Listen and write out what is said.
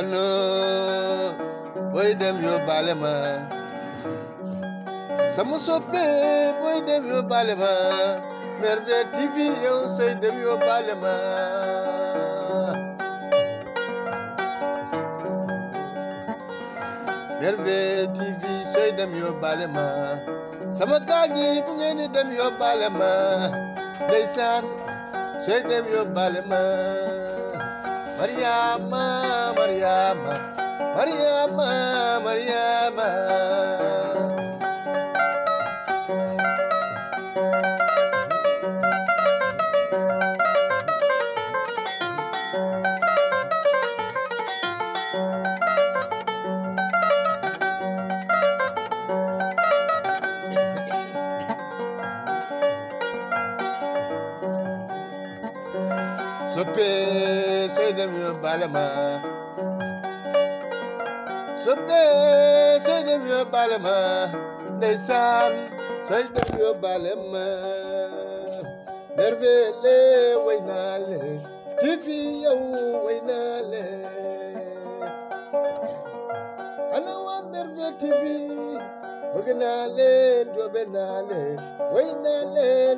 Hello, boy dem yo bale ma. Sama soppe boy dem yo bale ma. TV yow sey dem yo bale merve TV sey dem yo bale ma. Sama gaañi bu dem yo bale ma. Ndeysaan dem yo bale Mariama, Mariama, Mariama, Mariama. Sope soydum yo balama Sope soydum yo balama Ndeysaan soydum yo balama Merveille way naa leen ci fi yow way naa leen Ana waa Merveille TV bëgg naa leen joobe naa leen way naa leen